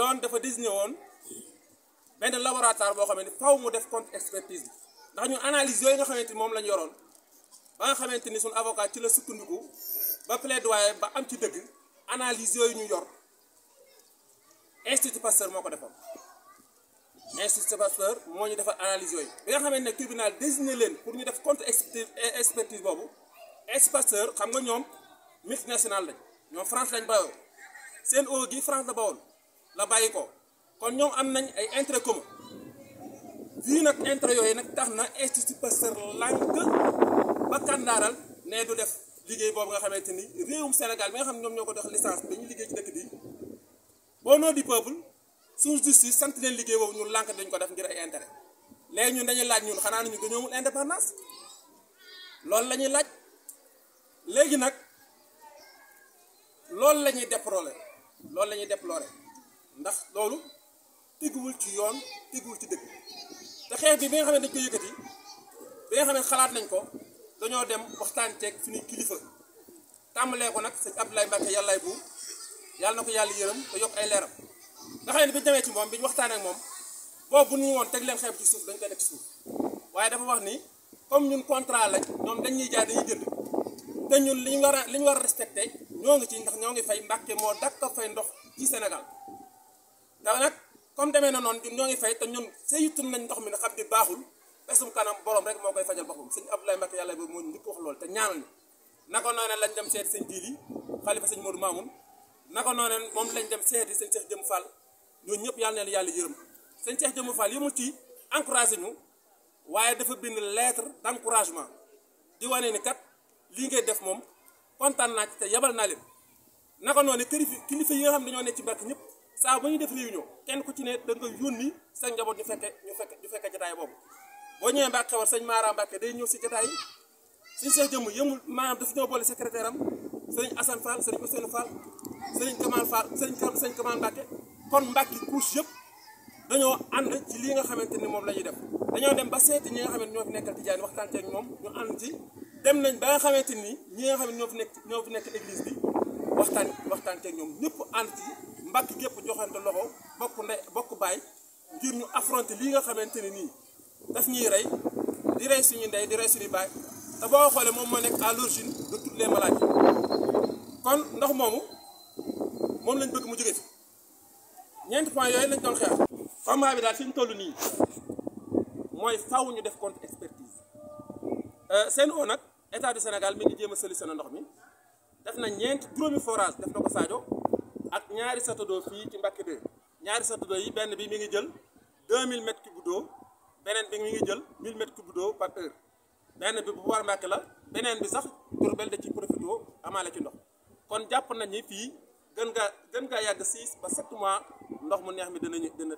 yoon dafa désigné woon benn laboratoire boo xam ne faw mu def contre expertise bi ndax ñu yooyu nga xamante ni moom yoroon ba nga xamante ni suñu avocat ci la sukkandiku ba plaidoyer ba am ci dëgg analyse yooyu ñu yor institut Pasteur moo ko defoon institut Pasteur moo ñu defal analyse yooyu bi nga xamante ne tribunal désigné leen pour ñu def contre expertise boobu institut Pasteur xam nga ñoom multinational lañ ñoom France lañ bawoo seen eau gi France la bawoon la bàyyi ko kon ñoom am nañ ay intérêt commun fii nag intérêt yooyu nag tax na institut Pasteur lànk ba kàndaaral ne du def liggéey boobu nga xamante ni réewum Sénégal bi nga xam ne ñoom ñoo ko dox licence dañuy liggéey ci dëkk bi au nom du peuple suñu sant leen liggéey boobu ñun lànk dañ ko def ngir ay intérêt léegi ñun dañuy laaj ñun xanaa nañu dañoo amul indépendance loolu la ñuy laaj léegi nag loolu lañuy ñuy loolu la ñuy déplorer ndax loolu tëgguwul ci yoon tëgguwul ci dëgg te xeex bi bi nga xam ne dañ ko yëkkati bi nga xam ne xalaat nañ ko dañoo dem waxtaan ceeg suñuy kilifa tàmbalee ko nag sëñ Abdoulaye Mbacke yàllaay bu yàlla na ko yàlla yërëm te yokk ay leeram nga xam ne biñu moom biñu waxtaanee moom boobu bu woon teg leen xeex ci suuf dañ koy def ci suuf waaye dafa wax ni comme ñun contrat lañ ñoom dañuy jënd te ñun li ñu war a li ñu war a respecté ñoo ngi ci ndax ñoo ngi fay Mbacke moo dakk fay ndox ci Sénégal ndax nag comme demee na noonu ñun ñoo ngi fay te ñun saytu nañ ndox mi ne xam di baaxul pesum kanam borom rek moo koy fajal boppam sëñ Abdoulaye Mbacke yàlla bi moo ñëpp wax loolu te ñaanal ñu lañ dem seet sëñ Dili xalifa sëñ Modou Mamoun naka noonee moom lañ dem seeti sëñ Cheikh Jëm Fall ñooñu ñëpp yàlla na yàlla yërëm sëñ Cheikh Jëm Fall yëmul ci encouragé ñu waaye dafa bind lettre d'encouragement di wane ni kat lii ngay def moom kontaan naa te yabal naa leen naka noonu kilifa yi nga xam ne dañoo ne ci Mbacke ñëpp saa bu ñuy def réunion kenn ku ci ne da nga yónni sa njaboot ñu fekke ñu fekke ñu fekke jataay boobu boo ñëwee Mbàkke Xewar sëñ Maara Mbàkke day ñëw si jataay yi suñ see jëmm yëmul maanaam daf ñoo boole secrétaire am sëriñ Assane Fall sëriñ Ousseynou Fall sëriñ Kamal Fall sëriñ sëriñ Kamal Mbàkke kon Mbàkke couche yëpp dañoo and ci lii nga xamante ni moom la ñuy def dañoo dem ba seeti ñi nga xamante ñoo fi nekk tijaan waxtaan ak moom ñu ànd ci dem nañ ba nga xamante ni ñi nga xam ne ñoo fi nekk ñoo fi nekk église bi waxtaan waxtaan ak ñoom ñëpp ànd ci gépp joxante loxo bokk nde bokk baay ngir ñu affronter lii nga xamante ne nii daf ñuy rey di rey suñu ndey di boo xoolee moom moo nekk à l'origine de toutes ndox moomu moom lañ bëgg mu jóge fi ñeenti point yooyu lañ doon xeex combat bi daal fi ñu toll nii mooy faw ñu def contre expertise Sen'Eau euh, nag état du Sénégal mi ngi jéem a solutionné ndox mi def na ñeenti juróomi forage def na ko Sadio ak ñaari château fii ci Mbacké 2 ñaari château yi benn bi mu ngi jël 2000 mètres cubes d'eau beneen bi mi ngi jël 1000 mètres cubes d'eau par heure benn bi bu war Mbacké la beneen bi sax Diourbel da ci profité amaale ci ndox kon jàpp nañ ni fii gën ngaa gën ngaa yàgg 6 ba 7 mois ndox mu neex mi ñu dina.